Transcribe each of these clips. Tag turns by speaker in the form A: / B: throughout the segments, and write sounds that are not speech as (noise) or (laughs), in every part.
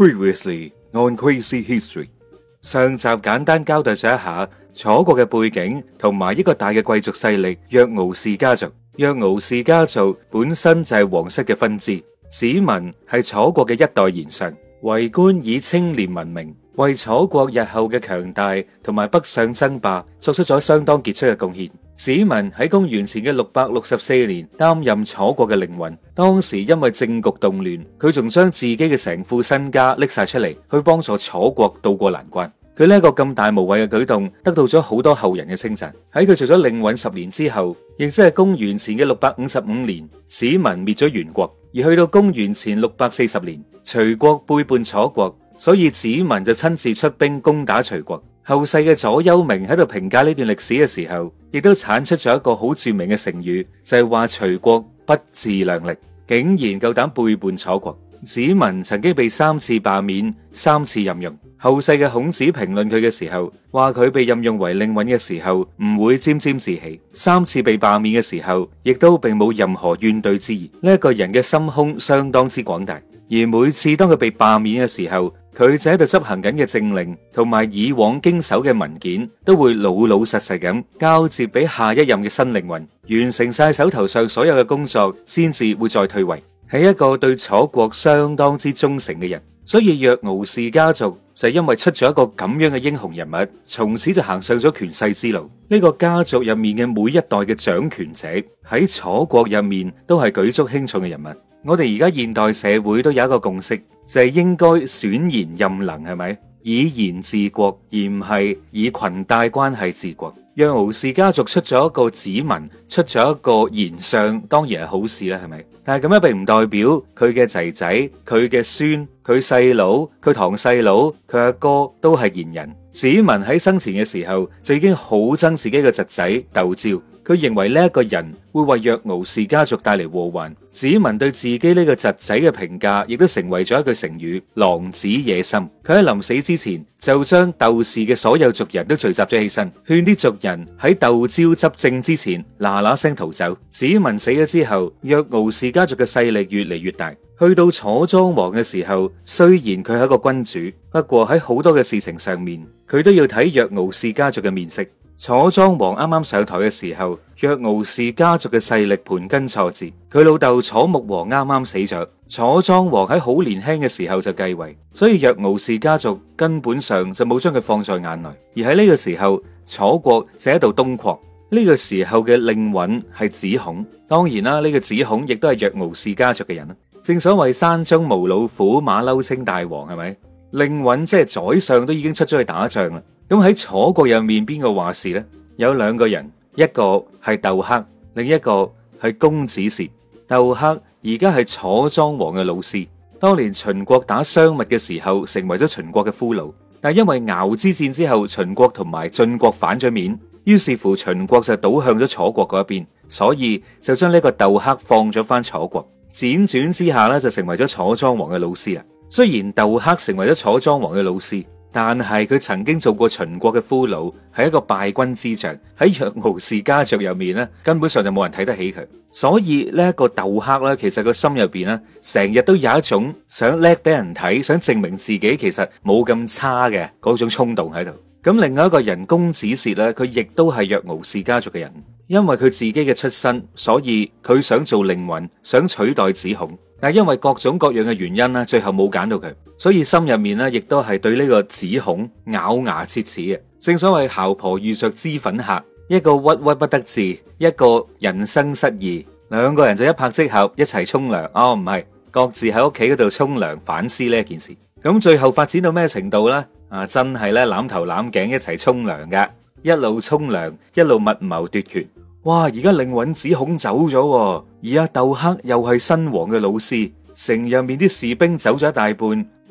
A: Previously on Crazy History，上集簡單交代咗一下楚國嘅背景，同埋一個大嘅貴族勢力若敖氏家族。若敖氏家族本身就係皇室嘅分支，子文係楚國嘅一代賢相。為官以清廉聞名，為楚國日後嘅強大同埋北上爭霸作出咗相當傑出嘅貢獻。子文喺公元前嘅六百六十四年擔任楚國嘅令尹，當時因為政局動亂，佢仲將自己嘅成副身家拎晒出嚟，去幫助楚國渡過難關。佢呢一個咁大無畏嘅舉動，得到咗好多後人嘅稱讚。喺佢做咗令尹十年之後，亦即係公元前嘅六百五十五年，子文滅咗元國。而去到公元前六百四十年，隨國背叛楚國，所以子文就親自出兵攻打隨國。後世嘅左丘明喺度評價呢段歷史嘅時候，亦都產出咗一個好著名嘅成語，就係話隨國不自量力，竟然夠膽背叛楚國。子文曾經被三次罷免，三次任用。後世嘅孔子評論佢嘅時候，話佢被任用為令尹嘅時候唔會沾沾自喜，三次被罷免嘅時候亦都並冇任何怨懟之意。呢、這、一個人嘅心胸相當之廣大，而每次當佢被罷免嘅時候，佢就喺度執行緊嘅政令同埋以往經手嘅文件，都會老老實實咁交接俾下一任嘅新令尹，完成晒手頭上所有嘅工作，先至會再退位。係一個對楚國相當之忠誠嘅人，所以若敖氏家族，就因為出咗一個咁樣嘅英雄人物，從此就行上咗權勢之路。呢、這個家族入面嘅每一代嘅掌權者，喺楚國入面都係舉足輕重嘅人物。我哋而家現代社會都有一個共識，就係、是、應該選賢任能，係咪？以言治國，而唔係以裙帶關係治國。讓敖氏家族出咗一個子文，出咗一個賢相，當然係好事啦，係咪？但係咁樣並唔代表佢嘅仔仔、佢嘅孫、佢細佬、佢堂細佬、佢阿哥都係賢人。子文喺生前嘅時候就已經好憎自己嘅侄仔鬥椒。佢認為呢一個人會為若敖氏家族帶嚟禍患。子文對自己呢個侄仔嘅評價，亦都成為咗一句成語：狼子野心。佢喺臨死之前就將鬥氏嘅所有族人都聚集咗起身，勸啲族人喺鬥椒執政之前嗱嗱聲逃走。子文死咗之後，若敖氏家族嘅勢力越嚟越大。去到楚莊王嘅時候，雖然佢係一個君主，不過喺好多嘅事情上面，佢都要睇若敖氏家族嘅面色。楚莊王啱啱上台嘅時候，若敖氏家族嘅勢力盤根錯節。佢老豆楚穆王啱啱死咗，楚莊王喺好年輕嘅時候就繼位，所以若敖氏家族根本上就冇將佢放在眼內。而喺呢個時候，楚國就喺度東擴。呢、這個時候嘅令尹係子孔，當然啦，呢、這個子孔亦都係若敖氏家族嘅人。正所謂山中無老虎，馬騮稱大王，係咪？令尹即係宰相，都已經出咗去打仗啦。咁喺楚國入面，邊個話事呢？有兩個人，一個係鬥克，另一個係公子虔。鬥克而家係楚莊王嘅老師。當年秦國打商密嘅時候，成為咗秦國嘅俘虜。但係因為殽之戰之後，秦國同埋晉國反咗面，於是乎秦國就倒向咗楚國嗰一邊，所以就將呢個鬥克放咗翻楚國。輾轉，轉之下呢，就成為咗楚莊王嘅老師啦。雖然鬥克成為咗楚莊王嘅老師，但係佢曾經做過秦國嘅俘虜，係一個敗軍之將。喺若敖氏家族入面咧，根本上就冇人睇得起佢。所以呢一、那個鬥克咧，其實個心入邊咧，成日都有一種想叻俾人睇，想證明自己其實冇咁差嘅嗰種衝動喺度。咁另外一個人公子燮咧，佢亦都係若敖氏家族嘅人，因為佢自己嘅出身，所以佢想做令尹，想取代子孔。嗱，因為各種各樣嘅原因咧，最後冇揀到佢，所以心入面咧亦都係對呢個指控咬牙切齒嘅。正所謂姣婆遇着脂粉客，一個屈屈不得志，一個人生失意，兩個人就一拍即合，一齊沖涼。哦，唔係，各自喺屋企嗰度沖涼反思呢件事。咁最後發展到咩程度呢？啊，真係呢，攬頭攬頸一齊沖涼㗎，一路沖涼一路密謀奪權。哇！而家令尹子孔走咗，而阿豆克又係新王嘅老師，城入面啲士兵走咗一大半，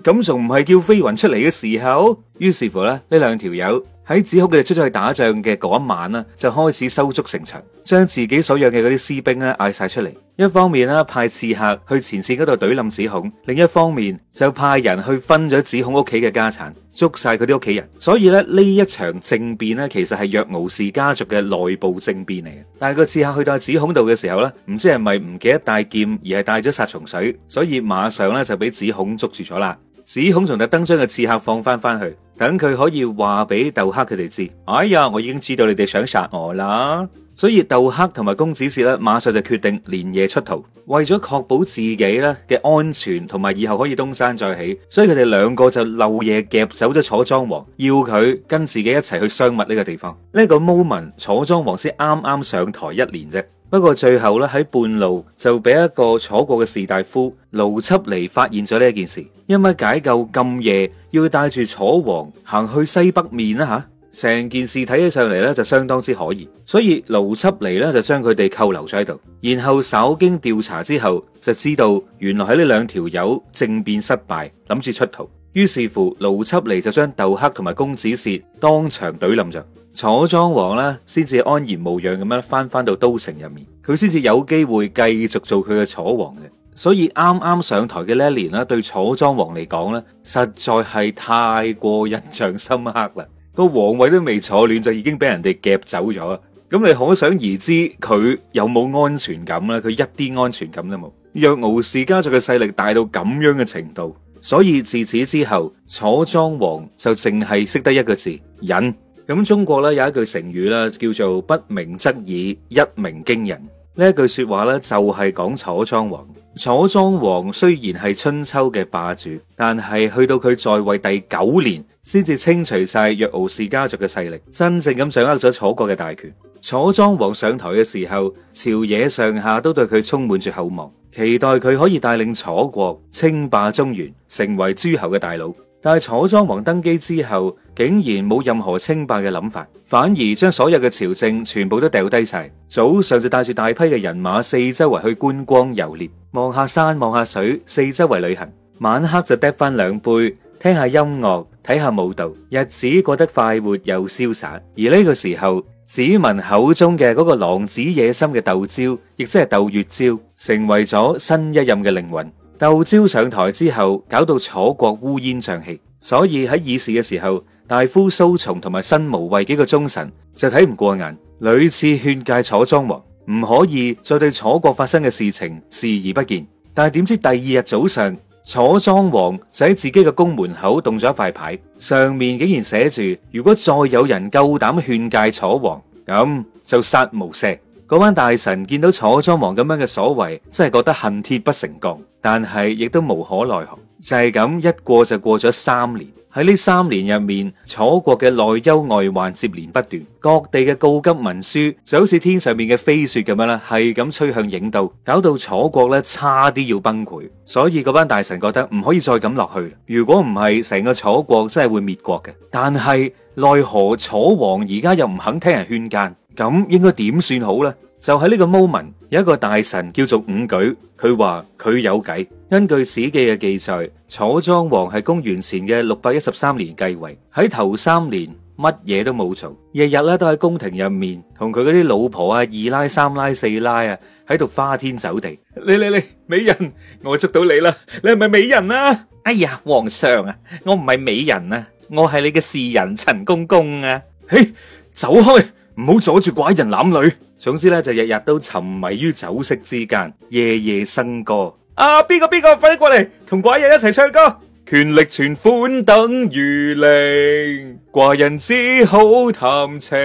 A: 咁仲唔係叫飛雲出嚟嘅時候？於是乎咧，呢兩條友。喺子孔佢哋出咗去打仗嘅嗰一晚呢，就開始收足城牆，將自己所養嘅嗰啲士兵咧嗌晒出嚟。一方面啦，派刺客去前線嗰度懟冧子孔；另一方面就派人去分咗子孔屋企嘅家產，捉晒佢啲屋企人。所以咧，呢一場政變咧，其實係若敖氏家族嘅內部政變嚟嘅。但係個刺客去到阿子孔度嘅時候呢，唔知係咪唔記得帶劍，而係帶咗殺蟲水，所以馬上咧就俾子孔捉住咗啦。子孔仲特登將個刺客放翻翻去。等佢可以話俾鬥克佢哋知，哎呀，我已經知道你哋想殺我啦，所以鬥克同埋公子燮咧，馬上就決定連夜出逃，為咗確保自己咧嘅安全同埋以後可以東山再起，所以佢哋兩個就漏夜夾走咗楚莊王，要佢跟自己一齊去商密呢個地方。呢個 moment，楚莊王先啱啱上台一年啫。不過最後咧，喺半路就俾一個楚國嘅士大夫盧緝尼發現咗呢一件事，因為解救咁夜要帶住楚王行去西北面啦吓，成、啊、件事睇起上嚟咧，就相當之可疑，所以盧緝尼咧就將佢哋扣留咗喺度，然後稍經調查之後就知道原來喺呢兩條友政變失敗，諗住出逃，於是乎盧緝尼就將鬥克同埋公子燮當場懟冧咗。楚莊王咧，先至安然無恙咁樣翻翻到都城入面，佢先至有機會繼續做佢嘅楚王嘅。所以啱啱上台嘅呢一年啦，對楚莊王嚟講呢，實在係太過印象深刻啦。個皇位都未坐暖，就已經俾人哋夾走咗。咁你可想而知，佢有冇安全感啦？佢一啲安全感都冇。若敖氏家族嘅勢力大到咁樣嘅程度，所以自此之後，楚莊王就淨係識得一個字，忍。咁中國咧有一句成語啦，叫做不鳴則已，一鳴驚人。呢一句說話咧就係講楚莊王。楚莊王雖然係春秋嘅霸主，但係去到佢在位第九年，先至清除晒若敖氏家族嘅勢力，真正咁掌握咗楚國嘅大權。楚莊王上台嘅時候，朝野上下都對佢充滿住厚望，期待佢可以帶領楚國稱霸中原，成為諸侯嘅大佬。但係楚莊王登基之後，竟然冇任何稱霸嘅諗法，反而將所有嘅朝政全部都掉低晒。早上就帶住大批嘅人馬四周圍去觀光遊獵，望下山望下水，四周圍旅行。晚黑就嗒翻兩杯，聽下音樂，睇下舞蹈，日子過得快活又瀟灑。而呢個時候，子民口中嘅嗰個狼子野心嘅鬥椒，亦即係鬥越椒，成為咗新一任嘅靈魂。豆朝上台之後，搞到楚國烏煙瘴氣，所以喺議事嘅時候，大夫蘇從同埋申無畏幾個忠臣就睇唔過眼，屢次勸誡楚莊王唔可以再對楚國發生嘅事情視而不見。但係點知第二日早上，楚莊王就喺自己嘅宮門口動咗一塊牌，上面竟然寫住：如果再有人夠膽勸誡楚王，咁就殺無赦。嗰班大臣見到楚莊王咁樣嘅所為，真係覺得恨鐵不成鋼。但係亦都無可奈何，就係、是、咁一過就過咗三年。喺呢三年入面，楚國嘅內憂外患接連不斷，各地嘅告急文書就好似天上面嘅飛雪咁樣啦，係咁吹向郢都，搞到楚國咧差啲要崩潰。所以嗰班大臣覺得唔可以再咁落去，如果唔係成個楚國真係會滅國嘅。但係奈何楚王而家又唔肯聽人勸諫，咁應該點算好呢？就喺呢個 moment 有一個大臣叫做伍舉，佢話佢有計。根據史記嘅記載，楚莊王係公元前嘅六百一十三年繼位。喺頭三年乜嘢都冇做，日日咧都喺宮廷入面同佢嗰啲老婆啊、二奶、三奶、四奶啊喺度花天酒地。你你你，美人，我捉到你啦！你係咪美人啊？哎呀，皇上啊，我唔係美人啊，我係你嘅侍人陳公公啊。嘿，走開，唔好阻住寡人攬女。總之咧，就日日都沉迷於酒色之間，夜夜笙歌。啊，邊個邊個，快啲過嚟同寡人一齊唱歌。權力存款等於零，寡人只好談情。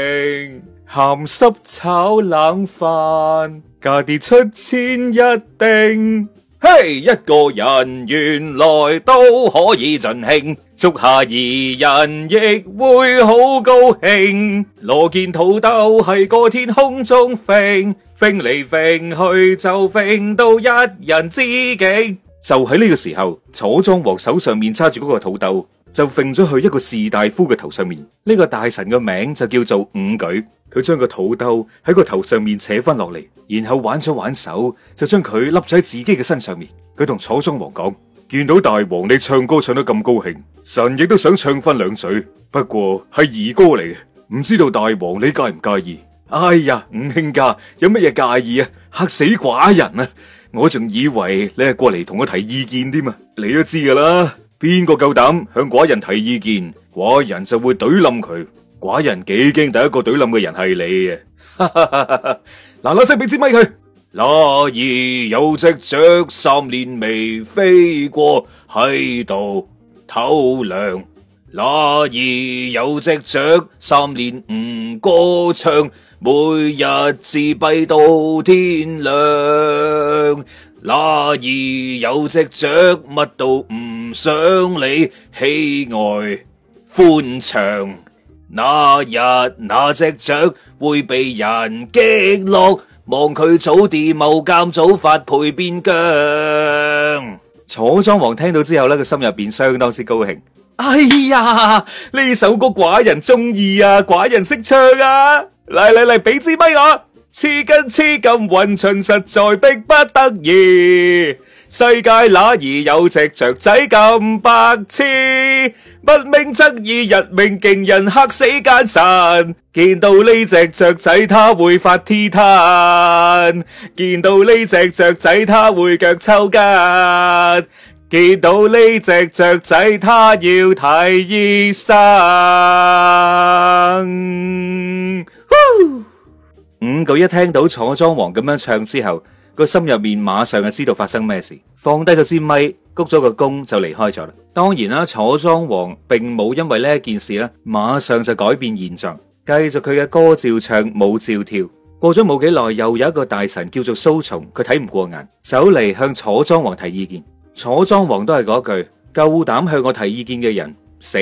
A: 鹹濕炒冷飯，價跌出千一定。嘿，hey，一個人原來都可以盡興，足下二人亦會好高興。羅見土豆係個天空中揈，揈嚟揈去就揈到一人之境。就喺呢個時候，楚莊王手上面揸住嗰個土豆，就揈咗去一個士大夫嘅頭上面。呢、這個大臣嘅名就叫做伍舉。佢將個肚兜喺個頭上面扯翻落嚟，然後挽咗挽手，就將佢笠咗喺自己嘅身上面。佢同楚莊王講：見到大王你唱歌唱得咁高興，神亦都想唱翻兩嘴。不過係兒歌嚟嘅，唔知道大王你介唔介意？哎呀，五兄家有乜嘢介意啊？吓死寡人啊！我仲以為你係過嚟同我提意見添啊！你都知噶啦，邊個夠膽向寡人提意見，寡人就會懟冧佢。寡人幾驚，第一個懟冧嘅人係你啊！嗱嗱聲，俾支咪佢。 (noise) (noise) (noise) 哪兒有隻雀三年未飛過，喺度唞涼；哪兒有隻雀三年唔歌唱，每日自閉到天亮； (noise) (noise) 哪兒有隻雀乜都唔想理，你喜愛歡暢。那日那隻雀會被人擊落，望佢早地謀監早發配邊疆。楚莊王聽到之後呢，佢心入邊相當之高興。哎呀，呢首歌寡人中意啊，寡人識唱啊！嚟嚟嚟，俾支咪我啊。痴根痴咁混巡，實在逼不得已。世界哪兒有隻雀仔咁白痴？不鳴則已，一鳴驚人，吓死奸臣。見到呢隻雀仔，他會發 T 癱；見到呢隻雀仔，他會腳抽筋；見到呢隻雀仔，他要睇醫生。伍舉呼、嗯、一聽到楚莊王咁樣唱之後，個心入面馬上就知道發生咩事，放低咗支咪。鞠咗個躬就離開咗啦。當然啦，楚莊王並冇因為呢一件事呢，馬上就改變現狀，繼續佢嘅歌照唱，舞照跳。過咗冇幾耐，又有一個大臣叫做蘇從，佢睇唔過眼，走嚟向楚莊王提意見。楚莊王都係嗰句：夠膽向我提意見嘅人死。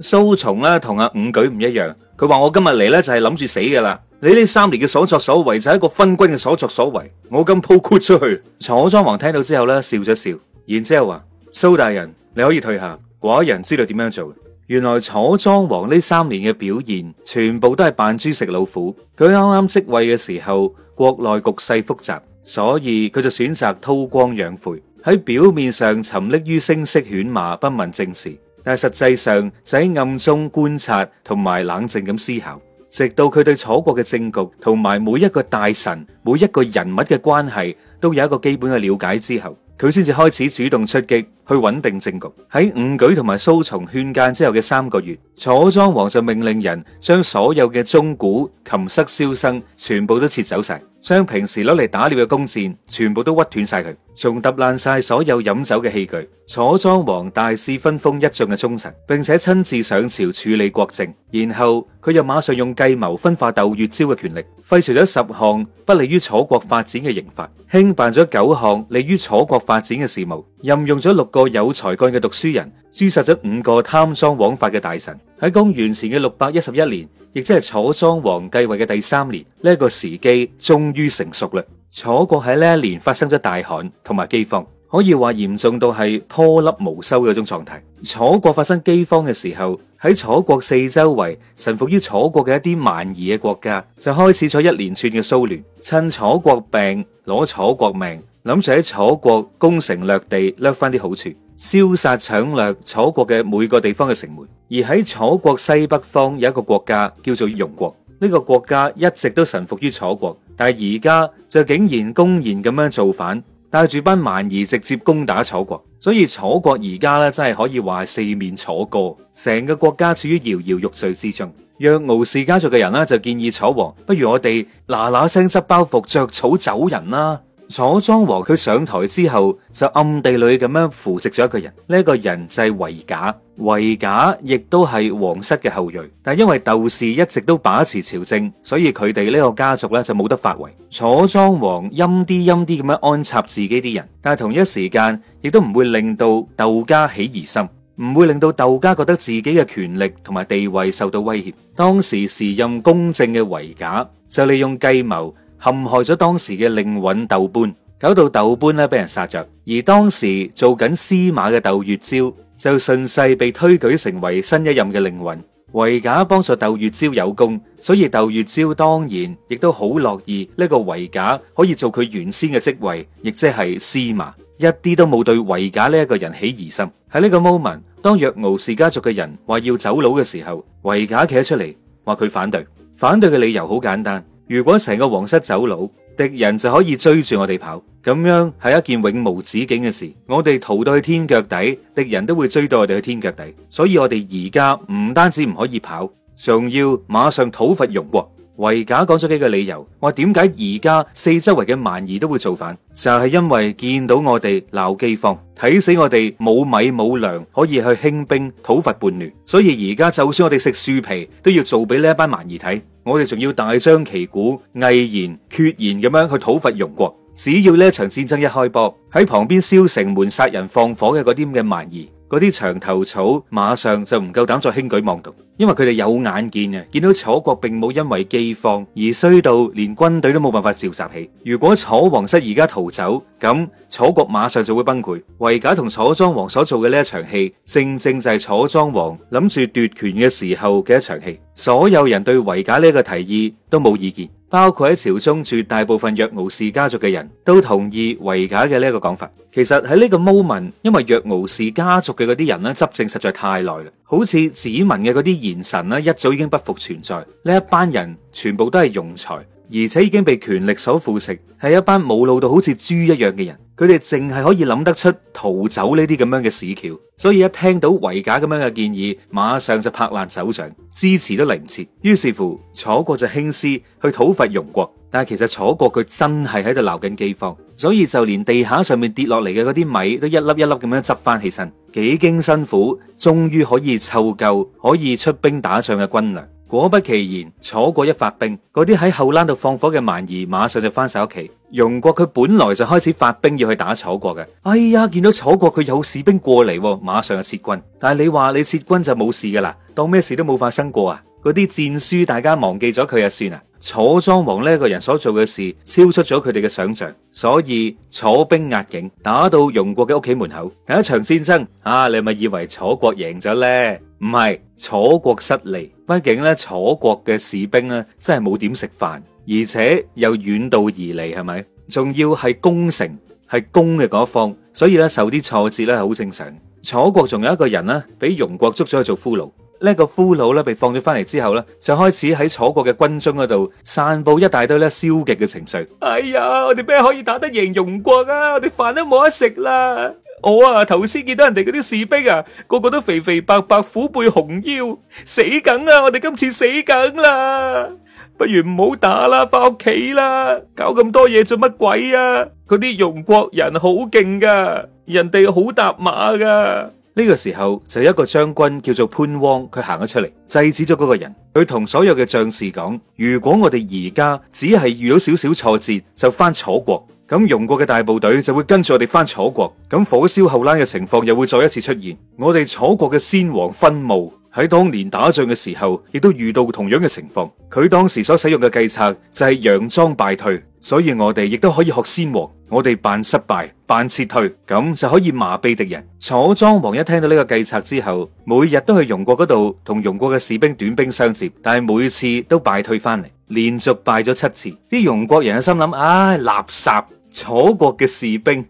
A: 蘇從咧同阿五舉唔一樣，佢話我今日嚟呢，就係諗住死噶啦。你呢三年嘅所作所為就係一個昏君嘅所作所為，我咁鋪豁出去。楚莊王聽到之後呢，笑咗笑。然之後話，蘇大人，你可以退下，寡人知道點樣做。原來楚莊王呢三年嘅表現，全部都係扮豬食老虎。佢啱啱即位嘅時候，國內局勢複雜，所以佢就選擇韜光養晦，喺表面上沉溺於聲色犬馬，不問政事，但係實際上就喺暗中觀察同埋冷靜咁思考。直到佢對楚國嘅政局同埋每一個大臣、每一個人物嘅關係都有一個基本嘅了解之後，佢先至開始主動出擊去穩定政局。喺五舉同埋蘇從勸諫之後嘅三個月，楚莊王就命令人將所有嘅鐘鼓、琴瑟、簫笙全部都撤走晒，將平時攞嚟打獵嘅弓箭全部都屈斷晒佢。仲揼爛晒所有飲酒嘅器具，楚莊王大肆分封一眾嘅忠臣，並且親自上朝處理國政。然後佢又馬上用計謀分化鬥越椒嘅權力，廢除咗十項不利於楚國發展嘅刑罰，興辦咗九項利於楚國發展嘅事務，任用咗六個有才幹嘅讀書人，誅殺咗五個貪贓枉法嘅大臣。喺公元前嘅六百一十一年，亦即係楚莊王繼位嘅第三年，呢、這、一個時機終於成熟啦。楚國喺呢一年發生咗大旱同埋飢荒，可以話嚴重到係顆粒無收嗰種狀態。楚國發生飢荒嘅時候，喺楚國四周圍臣服於楚國嘅一啲蠻夷嘅國家，就開始咗一連串嘅騷亂，趁楚國病攞楚國命，諗住喺楚國攻城略地，掠翻啲好處，燒殺搶掠楚國嘅每個地方嘅城門。而喺楚國西北方有一個國家叫做庸國，呢、這個國家一直都臣服於楚國。但係而家就竟然公然咁樣造反，帶住班蠻夷直接攻打楚國，所以楚國而家咧真係可以話四面楚歌，成個國家處於搖搖欲墜之中。若敖氏家族嘅人呢，就建議楚王，不如我哋嗱嗱聲執包袱着草走人啦。楚莊王佢上台之後就暗地裏咁樣扶植咗一個人，呢一個人就係韋賈，韋賈亦都係王室嘅後裔，但係因為鬥氏一直都把持朝政，所以佢哋呢個家族咧就冇得發圍。楚莊王陰啲陰啲咁樣安插自己啲人，但係同一時間亦都唔會令到鬥家起疑心，唔會令到鬥家覺得自己嘅權力同埋地位受到威脅。當時時任公正嘅韋賈就利用計謀。陷害咗當時嘅令尹鬥般，搞到鬥般咧俾人殺着。而當時做緊司馬嘅鬥越椒，就順勢被推舉成為新一任嘅令尹。蒍賈幫助鬥越椒有功，所以鬥越椒當然亦都好樂意呢個蒍賈可以做佢原先嘅職位，亦即係司馬，一啲都冇對蒍賈呢一個人起疑心。喺呢個 moment，當若敖氏家族嘅人話要走佬嘅時候，蒍賈企咗出嚟話佢反對，反對嘅理由好簡單。如果成個皇室走佬，敵人就可以追住我哋跑，咁樣係一件永無止境嘅事。我哋逃到去天腳底，敵人都會追到我哋去天腳底。所以我哋而家唔單止唔可以跑，仲要馬上討伐庸國。衛賈講咗幾個理由，話點解而家四周圍嘅蠻夷都會造反，就係、是、因為見到我哋鬧饑荒，睇死我哋冇米冇糧，可以去興兵討伐叛亂。所以而家就算我哋食樹皮，都要做俾呢一班蠻夷睇。我哋仲要大張旗鼓、毅然決然咁樣去討伐庸國。只要呢一場戰爭一開波，喺旁邊燒城門、殺人放火嘅嗰啲咁嘅玩意。嗰啲牆頭草馬上就唔夠膽再輕舉妄動，因為佢哋有眼見呀，見到楚國並冇因為饑荒而衰到連軍隊都冇辦法召集起。如果楚皇室而家逃走，咁楚國馬上就會崩潰。蒍賈同楚莊王所做嘅呢一場戲，正正就係楚莊王諗住奪權嘅時候嘅一場戲。所有人對蒍賈呢一個提議都冇意見。包括喺朝中絕大部分若敖氏家族嘅人都同意維賈嘅呢一個講法。其實喺呢個 moment，因為若敖氏家族嘅嗰啲人咧，執政實在太耐啦，好似子文嘅嗰啲賢臣咧，一早已經不復存在，呢一班人全部都係庸才。而且已經被權力所腐蝕，係一班無腦到好似豬一樣嘅人。佢哋淨係可以諗得出逃走呢啲咁樣嘅屎橋，所以一聽到蔿賈咁樣嘅建議，馬上就拍爛手掌，支持都嚟唔切。於是乎，楚國就興師去討伐庸國，但係其實楚國佢真係喺度鬧緊饑荒，所以就連地下上面跌落嚟嘅嗰啲米都一粒一粒咁樣執翻起身，幾經辛苦，終於可以湊夠可以出兵打仗嘅軍糧。果不其然，楚國一發兵，嗰啲喺後欄度放火嘅蠻夷馬上就返晒屋企。庸國佢本來就開始發兵要去打楚國嘅，哎呀，見到楚國佢有士兵過嚟，馬上就撤軍。但係你話你撤軍就冇事噶啦，當咩事都冇發生過啊？嗰啲戰書大家忘記咗佢啊算啦。楚莊王呢個人所做嘅事超出咗佢哋嘅想象所以楚兵壓境，打到庸國嘅屋企門口，第一場戰爭啊！你咪以為楚國贏咗呢？唔係楚國失利，畢竟咧楚國嘅士兵咧真係冇點食飯，而且又遠道而嚟，係咪？仲要係攻城係攻嘅嗰方，所以咧受啲挫折咧係好正常。楚國仲有一個人呢，俾容國捉咗去做俘虜。呢個俘虜咧被放咗翻嚟之後咧，就開始喺楚國嘅軍中嗰度散布一大堆咧消極嘅情緒。哎呀，我哋咩可以打得贏容國啊？我哋飯都冇得食啦！我啊頭先見到人哋嗰啲士兵啊，個個都肥肥白白，虎背熊腰，死梗啊！我哋今次死梗啦，不如唔好打啦，返屋企啦，搞咁多嘢做乜鬼啊？嗰啲庸國人好勁㗎，人哋好搭馬㗎。呢個時候就有一個將軍叫做潘汪，佢行咗出嚟制止咗嗰個人，佢同所有嘅將士講：如果我哋而家只係遇到少少挫折，就返楚國。咁容國嘅大部隊就會跟住我哋翻楚國，咁火燒後欄嘅情況又會再一次出現。我哋楚國嘅先王分墓喺當年打仗嘅時候，亦都遇到同樣嘅情況。佢當時所使用嘅計策就係佯裝敗退，所以我哋亦都可以學先王，我哋扮失敗，扮撤退，咁就可以麻痹敵人。楚莊王一聽到呢個計策之後，每日都去容國嗰度同容國嘅士兵短兵相接，但係每次都敗退翻嚟，連續敗咗七次。啲容國人喺心諗：唉、哎，垃圾！楚國嘅士兵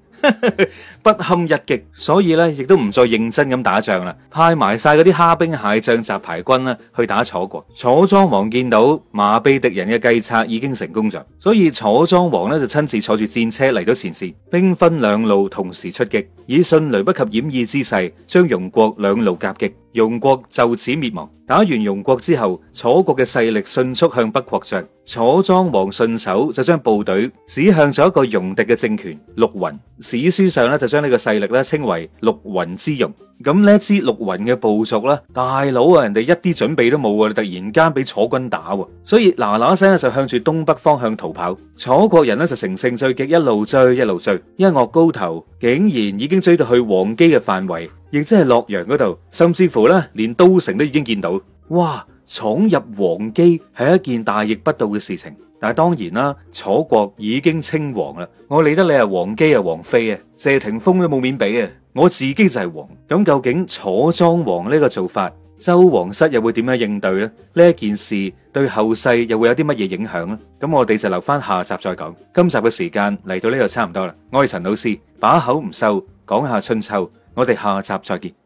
A: (laughs) 不堪一擊，所以咧亦都唔再認真咁打仗啦，派埋晒嗰啲蝦兵蟹將、雜牌軍啦去打楚國。楚莊王見到麻痹敵人嘅計策已經成功咗，所以楚莊王呢就親自坐住戰車嚟，到前線，兵分兩路同時出擊，以迅雷不及掩耳之勢將庸國兩路夾擊，庸國就此滅亡。打完庸國之後，楚國嘅勢力迅速向北擴張。楚莊王順手就將部隊指向咗一個戎狄嘅政權陸渾。史書上咧就將呢個勢力咧稱為陸渾之戎。咁呢支陸渾嘅部族咧，大佬啊，人哋一啲準備都冇啊，突然間俾楚軍打，所以嗱嗱聲就向住東北方向逃跑。楚國人呢，就乘勝追擊，一路追一路追，伊洛高頭竟然已經追到去王畿嘅範圍。亦即係洛陽嗰度，甚至乎咧，連都城都已經見到。哇！闖入王畿係一件大逆不道嘅事情，但係當然啦，楚國已經稱王啦。我理得你係王姬啊，王菲啊，謝霆鋒都冇面俾啊。我自己就係王。咁究竟楚莊王呢個做法，周王室又會點樣應對呢？呢一件事對後世又會有啲乜嘢影響呢？咁我哋就留翻下集再講。今集嘅時間嚟到呢度差唔多啦。我係陳老師，把口唔收，講下春秋。我哋下集再見。